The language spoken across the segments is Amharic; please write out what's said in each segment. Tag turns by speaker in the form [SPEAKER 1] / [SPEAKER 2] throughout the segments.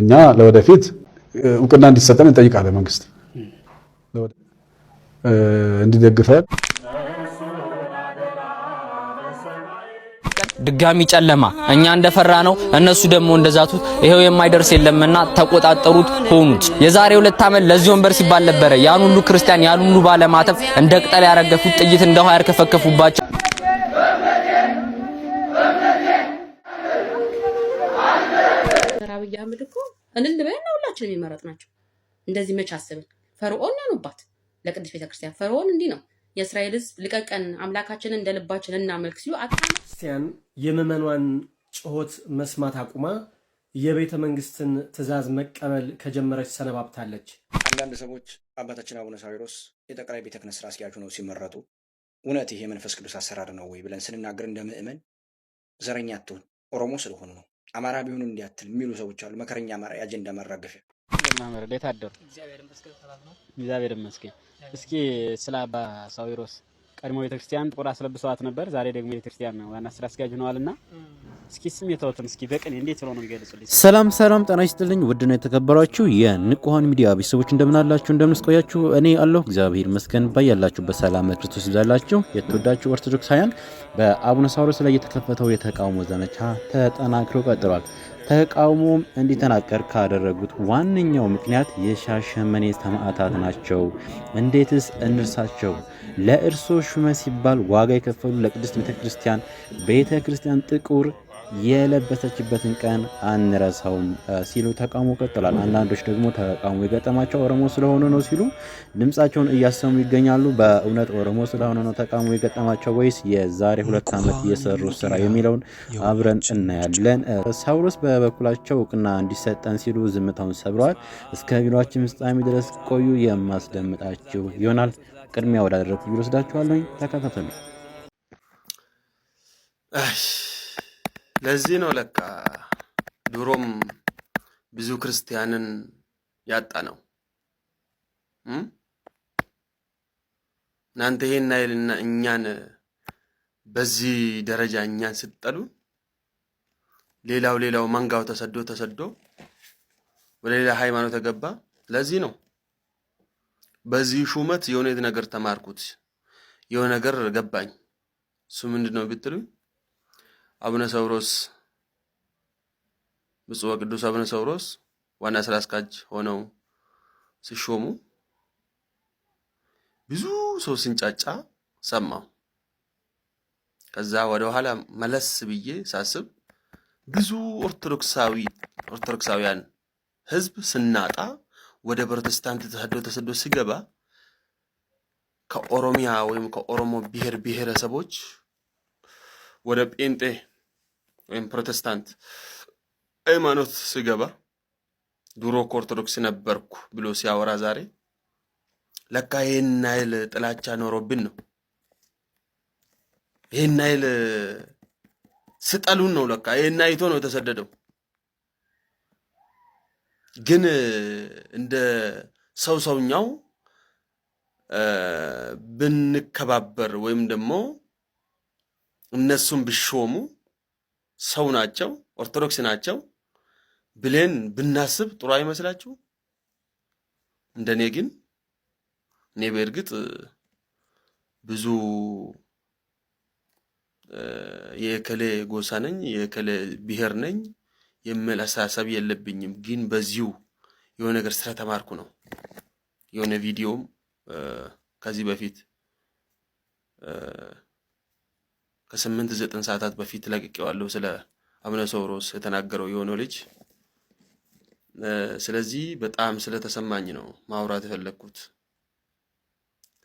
[SPEAKER 1] እኛ ለወደፊት እውቅና እንዲሰጠን እንጠይቃለን። መንግስት እንዲደግፈን።
[SPEAKER 2] ድጋሚ ጨለማ እኛ እንደፈራ ነው። እነሱ ደግሞ እንደዛቱት ይሄው የማይደርስ የለምና ተቆጣጠሩት ሆኑት። የዛሬ ሁለት ዓመት ለዚህ ወንበር ሲባል ነበረ ያን ሁሉ ክርስቲያን ያን ሁሉ ባለማተብ እንደ ቅጠል ያረገፉት ጥይት እንደውሃ ያርከፈከፉባቸው
[SPEAKER 3] አብይ አህመድ እኮ እልል ብለን ሁላችን የሚመረጥ ናቸው። እንደዚህ መች አስብን። ፈርዖን ያኑባት ለቅዱስ ቤተክርስቲያን ፈርዖን እንዲህ ነው የእስራኤል ህዝብ ልቀቀን አምላካችንን እንደ ልባችን እናመልክ ሲሉ
[SPEAKER 4] ክርስቲያን የምዕመኗን ጩኸት መስማት አቁማ የቤተ መንግስትን ትእዛዝ መቀበል ከጀመረች ሰነባብታለች።
[SPEAKER 5] አንዳንድ ሰዎች አባታችን አቡነ ሳዊሮስ የጠቅላይ ቤተ ክህነት ስራ አስኪያጁ ነው ሲመረጡ እውነት ይሄ የመንፈስ ቅዱስ አሰራር ነው ወይ ብለን ስንናገር እንደ ምዕመን ዘረኛ አትሆን ኦሮሞ ስለሆኑ ነው አማራ ቢሆኑ እንዲያትል የሚሉ ሰዎች አሉ። መከረኛ አማራ የአጀንዳ ማራገፊያ
[SPEAKER 6] ማህበር ላይ ታደሩ። እግዚአብሔር ይመስገን። እስኪ ስለ አባ ሳዊሮስ ቀድሞ ቤተክርስቲያን ጥቁር አስለብሰዋት ነበር። ዛሬ ደግሞ ቤተክርስቲያን ዋና ስራ አስኪያጅ ሆነዋልና እስኪ ስሜታዎትን እስኪ በቅኔ እንዴት ብለው ነው የሚገልጹልኝ?
[SPEAKER 7] ሰላም ሰላም፣ ጤና ይስጥልኝ ውድ ነው የተከበራችሁ የንቁሃን ሚዲያ ቤተሰቦች እንደምናላችሁ፣ እንደምንስቆያችሁ እኔ አለሁ እግዚአብሔር ይመስገን። ባያላችሁበት ሰላም ክርስቶስ ይብዛላችሁ። የተወዳችሁ ኦርቶዶክሳውያን በአቡነ ሳውሮስ ላይ የተከፈተው የተቃውሞ ዘመቻ ተጠናክሮ ቀጥሏል። ተቃውሞም እንዲተናቀር ካደረጉት ዋነኛው ምክንያት የሻሸመኔ ሰማዕታት ናቸው። እንዴትስ እንርሳቸው? ለእርሶ ሹመ ሲባል ዋጋ የከፈሉ ለቅድስት ቤተ ክርስቲያን ቤተ ክርስቲያን ጥቁር የለበሰችበትን ቀን አንረሳውም ሲሉ ተቃውሞ ቀጥሏል። አንዳንዶች ደግሞ ተቃውሞ የገጠማቸው ኦሮሞ ስለሆኑ ነው ሲሉ ድምፃቸውን እያሰሙ ይገኛሉ። በእውነት ኦሮሞ ስለሆነ ነው ተቃውሞ የገጠማቸው ወይስ የዛሬ ሁለት ዓመት የሰሩ ስራ የሚለውን አብረን እናያለን። ሳውሎስ በበኩላቸው እውቅና እንዲሰጠን ሲሉ ዝምታውን ሰብረዋል። እስከ ቪዲዮችን ፍጻሜ ድረስ ቆዩ፣ የማስደምጣችሁ ይሆናል። ቅድሚያ ወዳደረግኩ ቪዲዮ ወስዳችኋለሁኝ። ተከታተሉ።
[SPEAKER 8] ለዚህ ነው ለካ ድሮም ብዙ ክርስቲያንን ያጣ ነው። እናንተ ይሄን ናይልና እኛን በዚህ ደረጃ እኛን ስትጠሉ ሌላው ሌላው መንጋው ተሰዶ ተሰዶ ወደ ሌላ ሃይማኖት ተገባ። ለዚህ ነው በዚህ ሹመት የሆነ ነገር ተማርኩት፣ የሆነ ነገር ገባኝ። እሱ ምንድን ነው ብትሉ አቡነ ሰውሮስ ብፁዕ ወቅዱስ አቡነ ሰውሮስ ዋና ስራ አስኪያጅ ሆነው ሲሾሙ ብዙ ሰው ሲንጫጫ ሰማው ከዛ ወደ ኋላ መለስ ብዬ ሳስብ ብዙ ኦርቶዶክሳዊ ኦርቶዶክሳውያን ህዝብ ስናጣ ወደ ፕሮቴስታንት ተሰዶ ተሰዶ ሲገባ ከኦሮሚያ ወይም ከኦሮሞ ብሔር ብሔረሰቦች ወደ ጴንጤ ወይም ፕሮቴስታንት ሃይማኖት ሲገባ ድሮ ከኦርቶዶክስ ነበርኩ ብሎ ሲያወራ ዛሬ ለካ ይህን ናይል ጥላቻ ኖሮብን ነው። ይህን ናይል ስጠሉን ነው። ለካ ይህን አይቶ ነው የተሰደደው። ግን እንደ ሰው ሰውኛው ብንከባበር ወይም ደግሞ እነሱን ብሾሙ ሰው ናቸው፣ ኦርቶዶክስ ናቸው ብሌን ብናስብ ጥሩ አይመስላችሁ? እንደኔ ግን እኔ በእርግጥ ብዙ የከሌ ጎሳ ነኝ የከሌ ብሔር ነኝ የሚል አስተሳሰብ የለብኝም። ግን በዚሁ የሆነ ነገር ስለተማርኩ ነው። የሆነ ቪዲዮም ከዚህ በፊት ከስምንት ዘጠኝ ሰዓታት በፊት ለቅቄዋለሁ ስለ አቡነ ሳዊሮስ የተናገረው የሆነው ልጅ። ስለዚህ በጣም ስለተሰማኝ ነው ማውራት የፈለግኩት።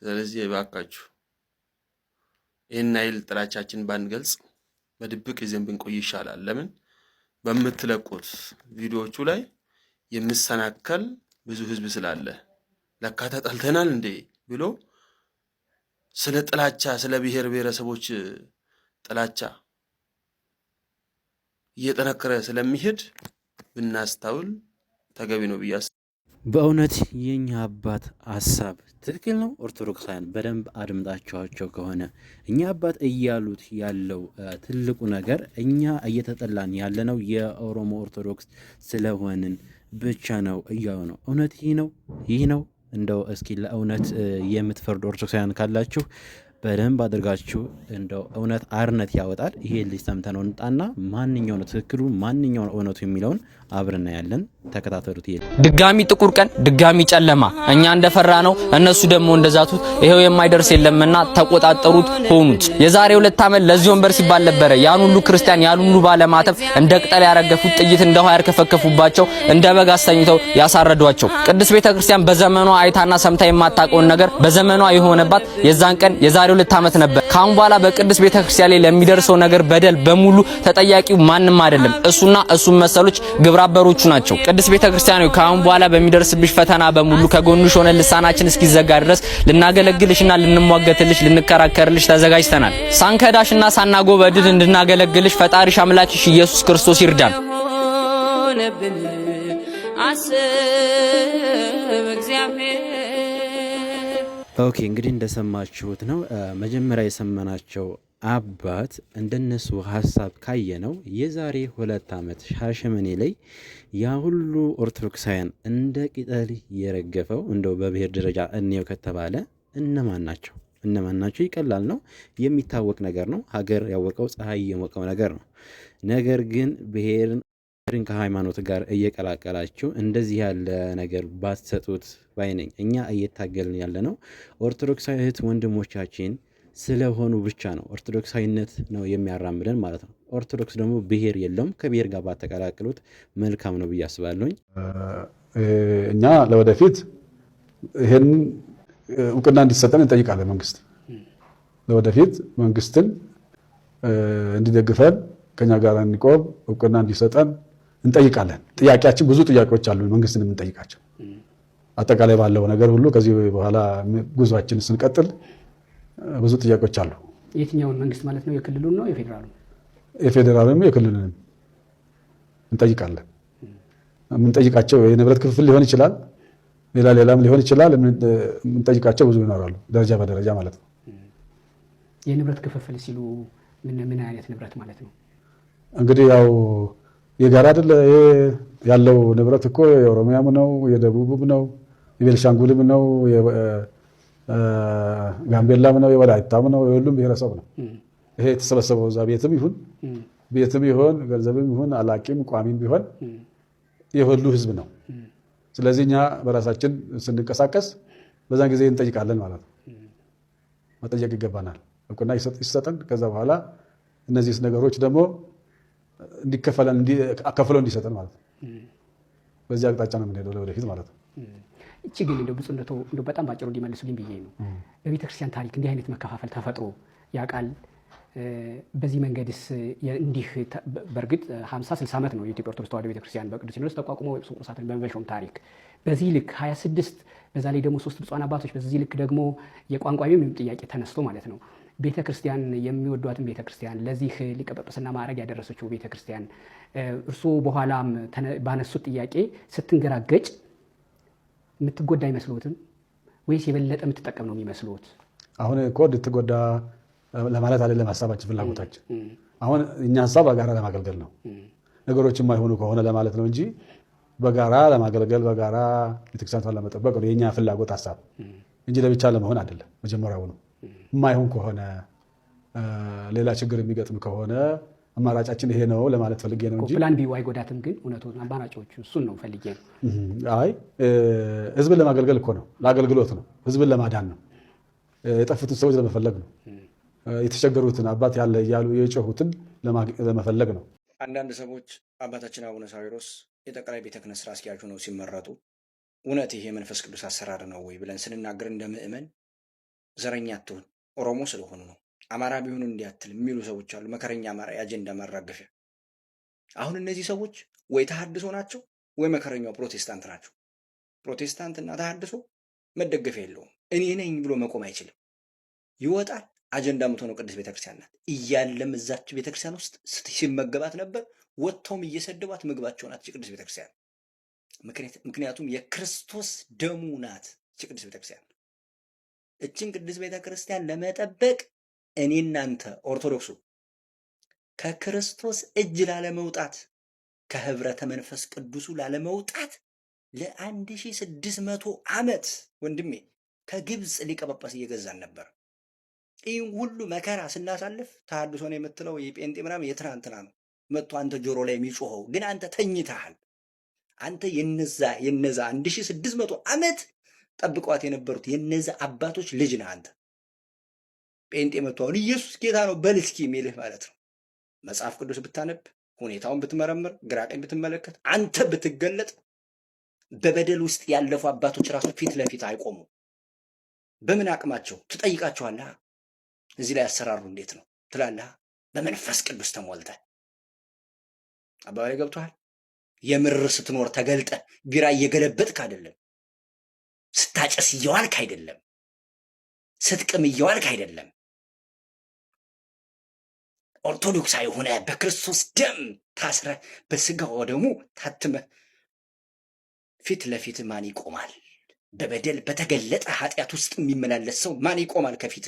[SPEAKER 8] ስለዚህ እባካችሁ ይህን አይል ጥላቻችን ባንገልጽ በድብቅ ይዘን ብንቆይ ይሻላል። ለምን በምትለቁት ቪዲዮዎቹ ላይ የምሰናከል ብዙ ህዝብ ስላለ ለካ ተጠልተናል እንዴ ብሎ ስለ ጥላቻ ስለ ብሔር ብሔረሰቦች ጥላቻ እየጠነከረ ስለሚሄድ ብናስታውል ተገቢ ነው ብያስ
[SPEAKER 7] በእውነት የኛ አባት ሀሳብ ትክክል ነው። ኦርቶዶክሳውያን በደንብ አድምጣችኋቸው ከሆነ እኛ አባት እያሉት ያለው ትልቁ ነገር እኛ እየተጠላን ያለነው የኦሮሞ ኦርቶዶክስ ስለሆንን ብቻ ነው እያሉ ነው። እውነት ይህ ነው ይህ ነው። እንደው እስኪ ለእውነት የምትፈርዱ ኦርቶዶክሳውያን ካላችሁ በደንብ አድርጋችሁ እንደው እውነት አርነት ያወጣል። ይሄ ልጅ ሰምተነው እንጣና ማንኛው ነው ትክክሉ፣ ማንኛው ነው እውነቱ የሚለውን አብርና ያለን ተከታተሉት። ይሄ
[SPEAKER 2] ድጋሚ ጥቁር ቀን፣ ድጋሚ ጨለማ፣ እኛ እንደፈራ ነው እነሱ ደግሞ እንደዛቱት። ይሄው የማይደርስ የለምና ተቆጣጠሩት፣ ሆኑት። የዛሬ ሁለት ዓመት ለዚህ ወንበር ሲባል ነበረ ያን ሁሉ ክርስቲያን፣ ያን ሁሉ ባለማተብ እንደ ቅጠል ያረገፉት፣ ጥይት እንደ ውሃ ያርከፈከፉባቸው፣ እንደ በግ አስተኝተው ያሳረዷቸው። ቅድስት ቤተክርስቲያን በዘመኗ አይታና ሰምታ የማታውቀውን ነገር በዘመኗ የሆነባት የዛን ቀን የዛ የዛሬ ሁለት ዓመት ነበር። ካሁን በኋላ በቅዱስ ቤተክርስቲያን ላይ ለሚደርሰው ነገር በደል በሙሉ ተጠያቂው ማንም አይደለም፣ እሱና እሱ መሰሎች ግብራበሮቹ ናቸው። ቅዱስ ቤተክርስቲያን ነው ካሁን በኋላ በሚደርስብሽ ፈተና በሙሉ ከጎንሽ ሆነ ልሳናችን እስኪዘጋ ድረስ ልናገለግልሽና ልንሟገትልሽ ልንከራከርልሽ ተዘጋጅተናል። ሳንከዳሽና ሳናጎበድድ እንድናገለግልሽ ፈጣሪሽ አምላክሽ ኢየሱስ ክርስቶስ ይርዳል። አስብ
[SPEAKER 7] እግዚአብሔር ኦኬ እንግዲህ እንደሰማችሁት ነው። መጀመሪያ የሰማናቸው አባት እንደነሱ ሀሳብ ካየ ነው የዛሬ ሁለት ዓመት ሻሸመኔ ላይ ያ ሁሉ ኦርቶዶክሳውያን እንደ ቅጠል የረገፈው እንደው በብሔር ደረጃ እንየው ከተባለ እነማን ናቸው? እነማን ናቸው? ይቀላል ነው የሚታወቅ ነገር ነው። ሀገር ያወቀው ፀሐይ የሞቀው ነገር ነው። ነገር ግን ብሔርን ርን ከሃይማኖት ጋር እየቀላቀላችሁ እንደዚህ ያለ ነገር ባትሰጡት ባይ ነኝ። እኛ እየታገልን ያለ ነው ኦርቶዶክሳዊ እህት ወንድሞቻችን ስለሆኑ ብቻ ነው። ኦርቶዶክሳዊነት ነው የሚያራምደን ማለት ነው። ኦርቶዶክስ ደግሞ ብሔር የለውም። ከብሔር ጋር ባተቀላቅሉት መልካም ነው ብዬ አስባለሁኝ።
[SPEAKER 1] እኛ ለወደፊት ይህን እውቅና እንዲሰጠን እንጠይቃለን። መንግስት ለወደፊት መንግስትን እንዲደግፈን ከኛ ጋር እንዲቆም እውቅና እንዲሰጠን እንጠይቃለን። ጥያቄያችን ብዙ ጥያቄዎች አሉ፣ መንግስትን የምንጠይቃቸው አጠቃላይ ባለው ነገር ሁሉ። ከዚህ በኋላ ጉዟችን ስንቀጥል ብዙ ጥያቄዎች አሉ።
[SPEAKER 3] የትኛውን መንግስት ማለት ነው? የክልሉን ነው? የፌዴራሉ?
[SPEAKER 1] የፌዴራሉንም የክልሉንም እንጠይቃለን። የምንጠይቃቸው የንብረት ክፍፍል ሊሆን ይችላል፣ ሌላ ሌላም ሊሆን ይችላል። የምንጠይቃቸው ብዙ ይኖራሉ፣ ደረጃ በደረጃ ማለት ነው።
[SPEAKER 3] የንብረት ክፍፍል ሲሉ ምን ምን አይነት ንብረት ማለት ነው?
[SPEAKER 1] እንግዲህ ያው የጋራ አይደለ ያለው ንብረት እኮ የኦሮሚያም ነው የደቡብም ነው የቤልሻንጉልም ነው ጋምቤላም ነው የወላይታም ነው የሁሉም ብሔረሰብ ነው። ይሄ የተሰበሰበው እዛ ቤትም ይሁን ቤትም ይሆን ገንዘብም ይሁን አላቂም ቋሚም ቢሆን የሁሉ ህዝብ ነው። ስለዚህ እኛ በራሳችን ስንንቀሳቀስ በዛን ጊዜ እንጠይቃለን ማለት ነው። መጠየቅ ይገባናል። እውቅና ይሰጠን። ከዛ በኋላ እነዚህ ነገሮች ደግሞ እንዲከፈለን ከፍለው እንዲሰጠን ማለት ነው። በዚህ አቅጣጫ ነው የምንሄደው ለወደፊት ማለት ነው።
[SPEAKER 3] እቺ ግን እንደው ብፁዕነቶ እንደው በጣም ባጭሩ እንዲመልሱልኝ ብዬ ነው። በቤተክርስቲያን ታሪክ እንዲህ አይነት መከፋፈል ተፈጥሮ ያውቃል? በዚህ መንገድስ እንዲህ በእርግጥ 50 60 ዓመት ነው የኢትዮጵያ ኦርቶዶክስ ተዋሕዶ ቤተክርስቲያን በቅዱስ ሲኖዶስ ተቋቁሞ ጵስቆጶሳትን በመሾም ታሪክ በዚህ ልክ 26 በዛ ላይ ደግሞ ሶስት ብፁዓን አባቶች በዚህ ልክ ደግሞ የቋንቋ ጥያቄ ተነስቶ ማለት ነው ቤተ ክርስቲያን የሚወዷትን ቤተ ክርስቲያን ለዚህ ሊቀ ጳጳስና ማዕረግ ያደረሰችው ቤተ ክርስቲያን እርስዎ በኋላም ባነሱት ጥያቄ ስትንገራገጭ የምትጎዳ አይመስሎትም ወይስ የበለጠ የምትጠቀም ነው የሚመስሎት?
[SPEAKER 1] አሁን እኮ እንድትጎዳ ለማለት አይደለም ሀሳባችን፣ ፍላጎታችን አሁን እኛ ሀሳብ በጋራ ለማገልገል ነው። ነገሮች የማይሆኑ ከሆነ ለማለት ነው እንጂ በጋራ ለማገልገል በጋራ ቤተክርስቲያኗን ለመጠበቅ ነው የኛ ፍላጎት ሀሳብ እንጂ ለብቻ ለመሆን አይደለም መጀመሪያውኑ የማይሆን ከሆነ ሌላ ችግር የሚገጥም ከሆነ አማራጫችን ይሄ ነው ለማለት ፈልጌ ነው
[SPEAKER 3] እንጂ ፕላን ቢ አይጎዳትም። ግን እውነቱ አማራጮቹ እሱን ነው ፈልጌ ነው።
[SPEAKER 1] አይ ህዝብን ለማገልገል እኮ ነው፣ ለአገልግሎት ነው፣ ህዝብን ለማዳን ነው፣ የጠፉትን ሰዎች ለመፈለግ ነው፣ የተቸገሩትን አባት ያለ እያሉ የጮሁትን ለመፈለግ ነው።
[SPEAKER 5] አንዳንድ ሰዎች አባታችን አቡነ ሳዊሮስ የጠቅላይ ቤተ ክህነት ስራ አስኪያጁ ነው ሲመረጡ፣ እውነት ይሄ የመንፈስ ቅዱስ አሰራር ነው ወይ ብለን ስንናገር እንደ ዘረኛ አትሁን፣ ኦሮሞ ስለሆኑ ነው፣ አማራ ቢሆኑ እንዲያትል የሚሉ ሰዎች አሉ። መከረኛ አማራ፣ የአጀንዳ ማራገፊያ። አሁን እነዚህ ሰዎች ወይ ተሃድሶ ናቸው ወይ መከረኛው ፕሮቴስታንት ናቸው። ፕሮቴስታንትና ተሃድሶ መደገፊያ የለውም። እኔ ነኝ ብሎ መቆም አይችልም። ይወጣል። አጀንዳ የምትሆነው ቅድስት ቤተክርስቲያን ናት። እያለም እዛች ቤተክርስቲያን ውስጥ ሲመገባት ነበር። ወጥተውም እየሰደቧት ምግባቸው ናት ቅድስት ቤተክርስቲያን። ምክንያቱም የክርስቶስ ደሙ ናት ቅድስት ቤተክርስቲያን። እችን ቅድስት ቤተ ክርስቲያን ለመጠበቅ እኔ እናንተ ኦርቶዶክሱ ከክርስቶስ እጅ ላለመውጣት ከህብረተ መንፈስ ቅዱሱ ላለመውጣት ለአንድ ሺህ ስድስት መቶ ዓመት ወንድሜ ከግብፅ ሊቀ ጳጳስ እየገዛን ነበር። ይህ ሁሉ መከራ ስናሳልፍ ተሐድሶ ነው የምትለው የጴንጤ ምናምን የትናንትና ነው መጥቶ አንተ ጆሮ ላይ የሚጮኸው ግን አንተ ተኝተሃል። አንተ የነዛ የነዛ አንድ ሺህ ስድስት መቶ ዓመት ጠብቋት የነበሩት የነዚ አባቶች ልጅ ነህ አንተ። ጴንጤ መቶ አሁን ኢየሱስ ጌታ ነው በል እስኪ የሚልህ ማለት ነው። መጽሐፍ ቅዱስ ብታነብ፣ ሁኔታውን ብትመረምር፣ ግራቀኝ ብትመለከት፣ አንተ ብትገለጥ፣ በበደል ውስጥ ያለፉ አባቶች ራሱ ፊት ለፊት አይቆሙ። በምን አቅማቸው ትጠይቃቸዋለህ። እዚህ ላይ አሰራሩ እንዴት ነው ትላለህ። በመንፈስ ቅዱስ ተሞልተ አባባሌ ገብቶሃል። የምር ስትኖር ተገልጠ ቢራ እየገለበጥክ አይደለም። ስታጨስ እየዋልክ አይደለም፣ ስትቅም እየዋልክ አይደለም። ኦርቶዶክሳዊ ሆነ በክርስቶስ ደም ታስረ በስጋው ደሙ ታትመ ፊት ለፊት ማን ይቆማል? በበደል በተገለጠ ኃጢአት ውስጥ የሚመላለስ ሰው ማን ይቆማል ከፊት?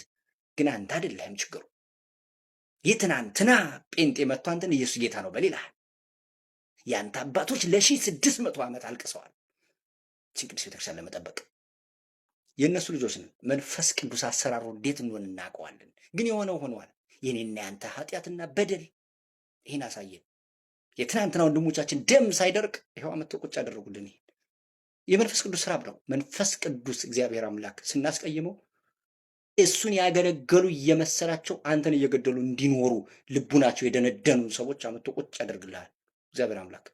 [SPEAKER 5] ግን አንተ አይደለህም ችግሩ። የትናንትና ጴንጤ መጥቶ አንተን ኢየሱስ ጌታ ነው በሌላ የአንተ አባቶች ለሺህ ስድስት መቶ ዓመት አልቅሰዋል። ችን ቅዱስ ቤተክርስቲያን ለመጠበቅ የእነሱ ልጆች ነን። መንፈስ ቅዱስ አሰራሩ እንዴት እንደሆነ እናውቀዋለን። ግን የሆነው ሆኗል። የኔና ያንተ ኃጢአትና በደል ይህን አሳየን። የትናንትና ወንድሞቻችን ደም ሳይደርቅ ይኸው አመጥተው ቁጭ ያደረጉልን። የመንፈስ ቅዱስ ስራ ነው። መንፈስ ቅዱስ እግዚአብሔር አምላክ ስናስቀይመው እሱን ያገለገሉ እየመሰላቸው አንተን እየገደሉ እንዲኖሩ ልቡናቸው የደነደኑ ሰዎች አመቶ ቁጭ ያደርግልሃል። እግዚአብሔር አምላክ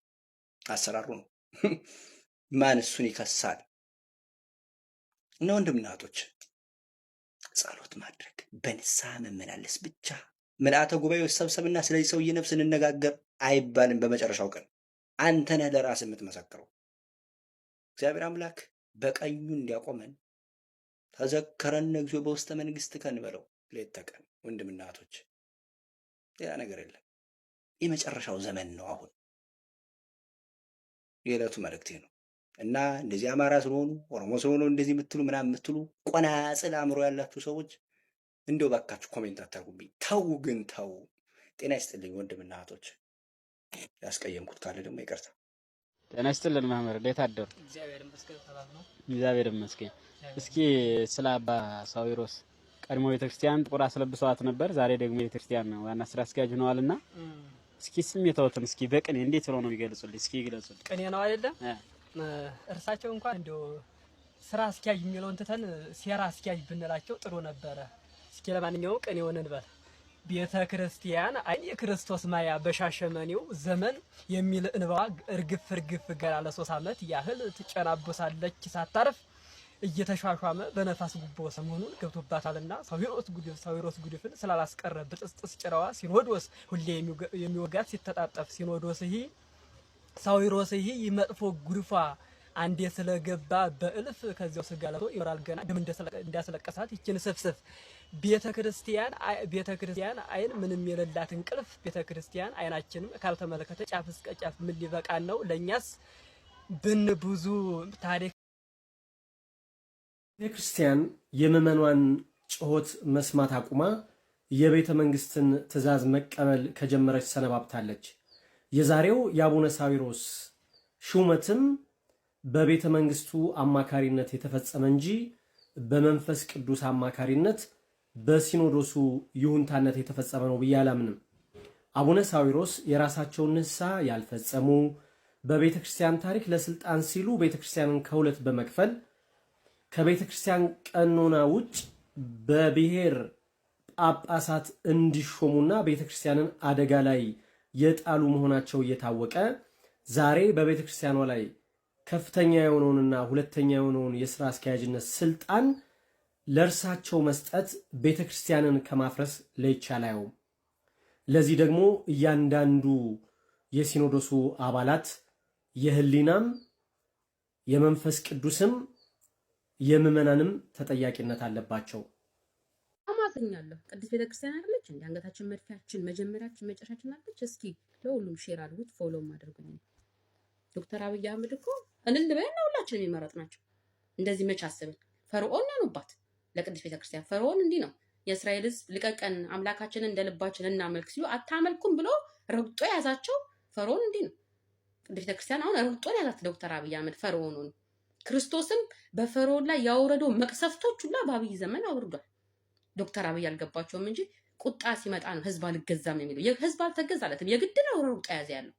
[SPEAKER 5] አሰራሩ ነው። ማን እሱን ይከሳል? እና ወንድም እናቶች ጸሎት ማድረግ በንስሐ መመላለስ ብቻ ምልአተ ጉባኤ ሰብሰብና ስለዚህ ሰውዬ ነፍስ እንነጋገር አይባልም። በመጨረሻው ቀን አንተነ ለራስ የምትመሰክረው። እግዚአብሔር አምላክ በቀኙ እንዲያቆመን ተዘከረን እግዚኦ በውስተ መንግስት ከን በለው ሌት ተቀን። ወንድም እናቶች ሌላ ነገር የለም። የመጨረሻው ዘመን ነው አሁን። የዕለቱ መልእክቴ ነው። እና እንደዚህ አማራ ስለሆኑ ኦሮሞ ስለሆኑ እንደዚህ የምትሉ ምናምን የምትሉ ቆናጽል አእምሮ ያላችሁ ሰዎች እንደው ባካችሁ ኮሜንት አታርጉብኝ። ተው ግን ተው። ጤና ይስጥልኝ ወንድምና እህቶች፣ ያስቀየምኩት ካለ ደግሞ ይቅርታ።
[SPEAKER 6] ጤና ይስጥልን ማህመር፣ እንዴት አደሩ? እግዚአብሔር ይመስገን። እስኪ ስለ አባ ሳዊሮስ ቀድሞ ቤተክርስቲያን ጥቁር አስለብሰዋት ነበር፣ ዛሬ ደግሞ ቤተክርስቲያን ነው ዋና ስራ አስኪያጅ ሆነዋልና እስኪ ስሜታዎትን እስኪ በቅኔ እንዴት ብለው ነው የሚገልጹልኝ? እስኪ ይግለጹልኝ።
[SPEAKER 9] ቅኔ ነው አይደለም እርሳቸው እንኳን እንደው ስራ አስኪያጅ የሚለውን ትተን ሴራ አስኪያጅ ብንላቸው ጥሩ ነበረ። እስኪ ለማንኛውም ቀን የሆነን በል ቤተ ክርስቲያን አይ የክርስቶስ ማያ በሻሸመኔው ዘመን የሚል እንባዋ እርግፍ እርግፍ ገና ለሶስት ዓመት ያህል ትጨናቦሳለች ሳታርፍ እየተሿሿመ በነፋስ ጉቦ ሰሞኑን ገብቶባታልና ሳዊሮስ ጉድፍ ሳዊሮስ ጉድፍን ስላላስቀረ ብጥስጥስ ጭራዋ ሲኖዶስ ሁሌ የሚወጋት ሲተጣጠፍ ሲኖዶስ ይሄ ሳዊሮስሂ ይመጥፎ ጉድፋ አንዴ ስለገባ በእልፍ ከዚያው ስጋ ለብሶ ይኖራል። ገና ደም እንዳስለቀሳት ይችን ስፍስፍ ቤተ ክርስቲያን ቤተ ክርስቲያን አይን ምንም የሌላት እንቅልፍ ቤተ ክርስቲያን አይናችንም ካልተመለከተ ጫፍ እስከ ጫፍ ምን ሊበቃን ነው? ለእኛስ ብን ብዙ ታሪክ
[SPEAKER 4] ቤተ ክርስቲያን የምዕመኗን ጩኸት መስማት አቁማ የቤተ መንግስትን ትእዛዝ መቀበል ከጀመረች ሰነባብታለች። የዛሬው የአቡነ ሳዊሮስ ሹመትም በቤተ መንግስቱ አማካሪነት የተፈጸመ እንጂ በመንፈስ ቅዱስ አማካሪነት በሲኖዶሱ ይሁንታነት የተፈጸመ ነው ብዬ አላምንም። አቡነ ሳዊሮስ የራሳቸውን ንስሐ ያልፈጸሙ በቤተ ክርስቲያን ታሪክ ለስልጣን ሲሉ ቤተ ክርስቲያንን ከሁለት በመክፈል ከቤተ ክርስቲያን ቀኖና ውጭ በብሔር ጳጳሳት እንዲሾሙና ቤተ ክርስቲያንን አደጋ ላይ የጣሉ መሆናቸው እየታወቀ ዛሬ በቤተ ክርስቲያኗ ላይ ከፍተኛ የሆነውንና ሁለተኛ የሆነውን የሥራ አስኪያጅነት ስልጣን ለእርሳቸው መስጠት ቤተ ክርስቲያንን ከማፍረስ ለይቻል አየውም። ለዚህ ደግሞ እያንዳንዱ የሲኖዶሱ አባላት የህሊናም የመንፈስ ቅዱስም የምዕመናንም ተጠያቂነት አለባቸው።
[SPEAKER 3] አገኛለሁ። ቅድስት ቤተክርስቲያን አይደለች እንዲ አንገታችን መድፊያችን መጀመሪያችን መጨረሻችን አለች። እስኪ ለሁሉም ሼር አድርጉት፣ ፎሎም አድርጉኝ። ዶክተር አብይ አህመድ እኮ እልል በይና ሁላችንም የሚመረጥ ናቸው። እንደዚህ መች አስብን። ፈርዖን ያኑባት ለቅድስት ቤተክርስቲያን ፈርዖን እንዲህ ነው የእስራኤል ህዝብ ልቀቀን አምላካችንን እንደ ልባችን እናመልክ ሲሉ አታመልኩም ብሎ ረግጦ የያዛቸው ፈርዖን እንዲህ ነው። ቅድስት ቤተክርስቲያን አሁን ረግጦ የያዛት ዶክተር አብይ አህመድ ፈርዖኑን ክርስቶስም በፈርዖን ላይ ያወረደው መቅሰፍቶች ሁላ በአብይ ዘመን አውርዷል። ዶክተር አብይ አልገባቸውም እንጂ ቁጣ ሲመጣ ነው ህዝብ አልገዛም የሚለው። ህዝብ አልተገዛለትም። የግድ ነው ሩጣ ያዘ ያለው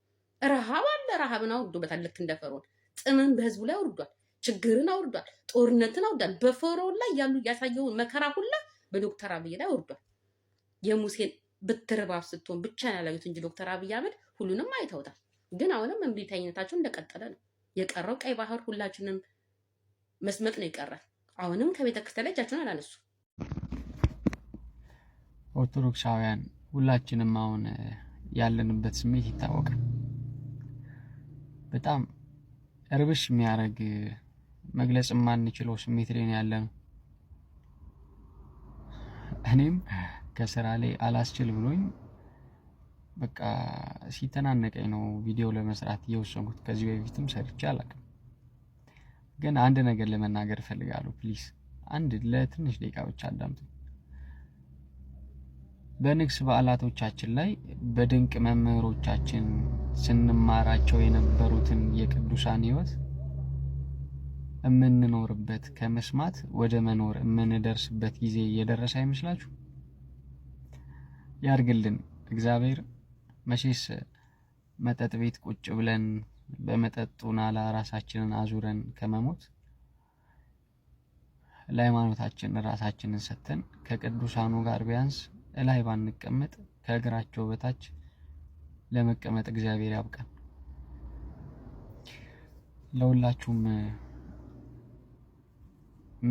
[SPEAKER 3] ረሃብ አለ። ረሃብን አውርዶበታል። ልክ እንደ ፈርዖን ጥምን በህዝቡ ላይ አውርዷል። ችግርን አውርዷል። ጦርነትን አውርዷል። በፈርዖን ላይ ያሉ ያሳየውን መከራ ሁላ በዶክተር አብይ ላይ አውርዷል። የሙሴን ብትርባብ ስትሆን ብቻ ያላዩት እንጂ ዶክተር አብይ አህመድ ሁሉንም አይተውታል። ግን አሁንም እምቢተኝነታቸው እንደቀጠለ ነው። የቀረው ቀይ ባህር ሁላችንም መስመጥ ነው የቀረ። አሁንም ከቤተክርስቲያን ላይ እጃችሁን አላነሱ
[SPEAKER 7] ኦርቶዶክሳውያን ሁላችንም አሁን ያለንበት ስሜት ይታወቃል። በጣም እርብሽ የሚያደርግ መግለጽ የማንችለው ስሜት ላይ ነው እኔም ከስራ ላይ አላስችል ብሎኝ በቃ ሲተናነቀኝ ነው ቪዲዮ ለመስራት እየወሰንኩት። ከዚህ በፊትም ሰርቼ አላውቅም። ግን አንድ ነገር ለመናገር እፈልጋለሁ። ፕሊስ አንድ ለትንሽ ደቂቃ ብቻ አዳምጡኝ። በንግስ በዓላቶቻችን ላይ በድንቅ መምህሮቻችን ስንማራቸው የነበሩትን የቅዱሳን ሕይወት የምንኖርበት ከመስማት ወደ መኖር የምንደርስበት ጊዜ እየደረሰ አይመስላችሁ? ያርግልን እግዚአብሔር። መቼስ መጠጥ ቤት ቁጭ ብለን በመጠጡ ናላ ራሳችንን አዙረን ከመሞት ለሃይማኖታችን ራሳችንን ሰጥተን ከቅዱሳኑ ጋር ቢያንስ እላይ ባንቀመጥ ከእግራቸው በታች ለመቀመጥ እግዚአብሔር ያብቃን። ለሁላችሁም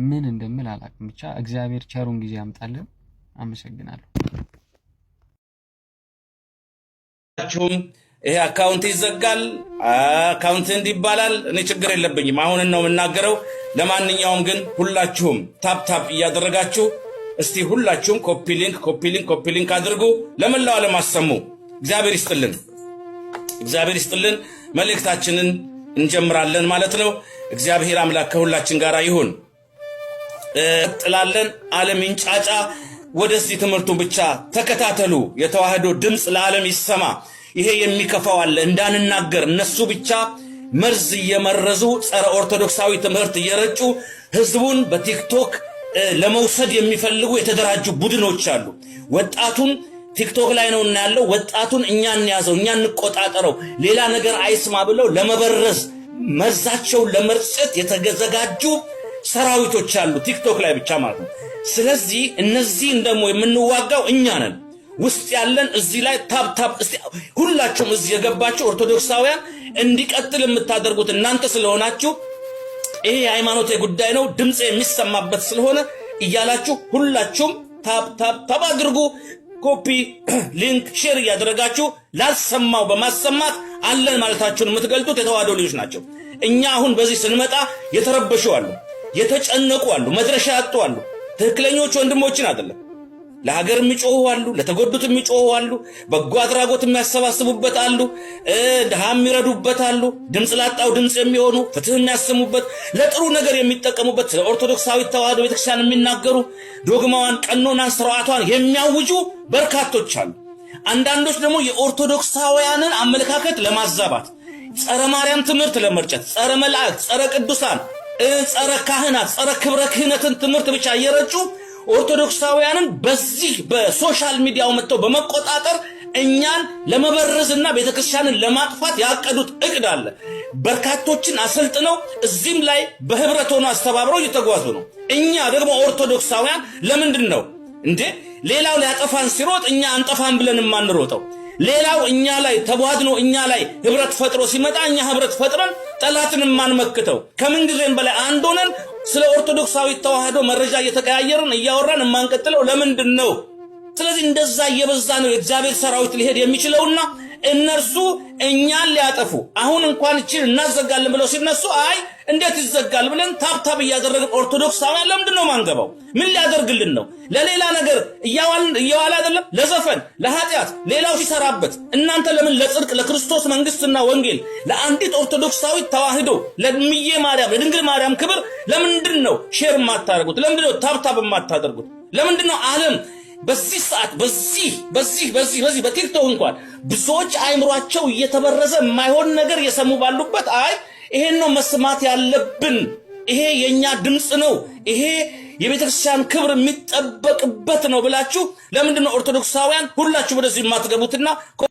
[SPEAKER 7] ምን እንደምል አላውቅም። ብቻ እግዚአብሔር ቸሩን ጊዜ ያምጣልን። አመሰግናለሁ።
[SPEAKER 8] ሁም ይሄ አካውንት ይዘጋል፣ አካውንት እንዲባላል፣ ይባላል። እኔ ችግር የለብኝም። አሁን ነው የምናገረው። ለማንኛውም ግን ሁላችሁም ታፕ ታፕ እያደረጋችሁ እስቲ ሁላችሁም ኮፒ ሊንክ ኮፒ ሊንክ ኮፒ ሊንክ አድርጉ፣ ለመላው ዓለም አሰሙ። እግዚአብሔር ይስጥልን፣ እግዚአብሔር ይስጥልን። መልእክታችንን እንጀምራለን ማለት ነው። እግዚአብሔር አምላክ ከሁላችን ጋር ይሁን። ጥላለን ዓለም ይንጫጫ። ወደዚህ ትምህርቱ ብቻ ተከታተሉ። የተዋህዶ ድምፅ ለዓለም ይሰማ። ይሄ የሚከፋው አለ እንዳንናገር እነሱ ብቻ መርዝ እየመረዙ ጸረ ኦርቶዶክሳዊ ትምህርት እየረጩ ህዝቡን በቲክቶክ ለመውሰድ የሚፈልጉ የተደራጁ ቡድኖች አሉ። ወጣቱን ቲክቶክ ላይ ነው እና ያለው ወጣቱን እኛ እንያዘው፣ እኛ እንቆጣጠረው፣ ሌላ ነገር አይስማ ብለው ለመበረዝ መርዛቸውን ለመርጨት የተዘጋጁ ሰራዊቶች አሉ ቲክቶክ ላይ ብቻ ማለት ነው። ስለዚህ እነዚህን ደግሞ የምንዋጋው እኛ ነን ውስጥ ያለን እዚህ ላይ ታብ ታብ ሁላችሁም እዚህ የገባችሁ ኦርቶዶክሳውያን እንዲቀጥል የምታደርጉት እናንተ ስለሆናችሁ ይሄ የሃይማኖት ጉዳይ ነው፣ ድምፅ የሚሰማበት ስለሆነ እያላችሁ ሁላችሁም ታፕ አድርጉ። ኮፒ ሊንክ ሼር እያደረጋችሁ ላልሰማው በማሰማት አለን ማለታችሁን የምትገልጡት የተዋህዶ ልጆች ናቸው። እኛ አሁን በዚህ ስንመጣ የተረበሹ አሉ፣ የተጨነቁ አሉ፣ መድረሻ ያጡ አሉ። ትክክለኞች ወንድሞችን አይደለም ለሀገር የሚጮሁ አሉ፣ ለተጎዱት የሚጮሁ አሉ፣ በጎ አድራጎት የሚያሰባስቡበት አሉ፣ ድሃ የሚረዱበት አሉ፣ ድምፅ ላጣው ድምፅ የሚሆኑ ፍትህ የሚያሰሙበት ለጥሩ ነገር የሚጠቀሙበት ስለ ኦርቶዶክሳዊ ተዋህዶ ቤተክርስቲያን የሚናገሩ ዶግማዋን፣ ቀኖናን፣ ስርዓቷን የሚያውጁ በርካቶች አሉ። አንዳንዶች ደግሞ የኦርቶዶክሳውያንን አመለካከት ለማዛባት ጸረ ማርያም ትምህርት ለመርጨት ጸረ መላእክት፣ ጸረ ቅዱሳን፣ ጸረ ካህናት፣ ጸረ ክብረ ክህነትን ትምህርት ብቻ እየረጩ ኦርቶዶክሳውያንን በዚህ በሶሻል ሚዲያው መጥተው በመቆጣጠር እኛን ለመበረዝና ቤተክርስቲያንን ለማጥፋት ያቀዱት እቅድ አለ። በርካቶችን አሰልጥነው እዚህም ላይ በህብረት ሆኖ አስተባብረው እየተጓዙ ነው። እኛ ደግሞ ኦርቶዶክሳውያን ለምንድን ነው እንዴ ሌላው ሊያጠፋን ሲሮጥ እኛ አንጠፋን ብለን የማንሮጠው? ሌላው እኛ ላይ ተቧድኖ እኛ ላይ ህብረት ፈጥሮ ሲመጣ እኛ ህብረት ፈጥረን ጠላትን ማንመክተው ከምን ጊዜም በላይ አንድ ሆነን ስለ ኦርቶዶክሳዊ ተዋህዶ መረጃ እየተቀያየርን እያወራን የማንቀጥለው ለምንድን ነው? ስለዚህ እንደዛ እየበዛ ነው የእግዚአብሔር ሰራዊት ሊሄድ የሚችለውና እነርሱ እኛን ሊያጠፉ አሁን እንኳን እችን እናዘጋለን ብለው ሲነሱ አይ እንዴት ይዘጋል ብለን ታብታብ እያደረግን ኦርቶዶክሳውያን ለምንድን ነው ማንገባው? ምን ሊያደርግልን ነው? ለሌላ ነገር እየዋለ አይደለም? ለዘፈን፣ ለኃጢአት ሌላው ሲሰራበት እናንተ ለምን ለጽድቅ ለክርስቶስ መንግስትና ወንጌል ለአንዲት ኦርቶዶክሳዊት ተዋህዶ ለምዬ ማርያም ለድንግል ማርያም ክብር ለምንድን ነው ሼር የማታደርጉት? ለምንድን ነው ታብታብ የማታደርጉት? ለምንድን ነው ዓለም በዚህ ሰዓት በዚህ በዚህ በዚህ በዚህ በቲክቶክ እንኳን ብዙዎች አይምሯቸው እየተበረዘ የማይሆን ነገር የሰሙ ባሉበት አይ ይሄን ነው መስማት ያለብን፣ ይሄ የኛ ድምፅ ነው፣ ይሄ የቤተክርስቲያን ክብር የሚጠበቅበት ነው ብላችሁ ለምንድን ነው ኦርቶዶክሳውያን ሁላችሁ ወደዚህ የማትገቡትና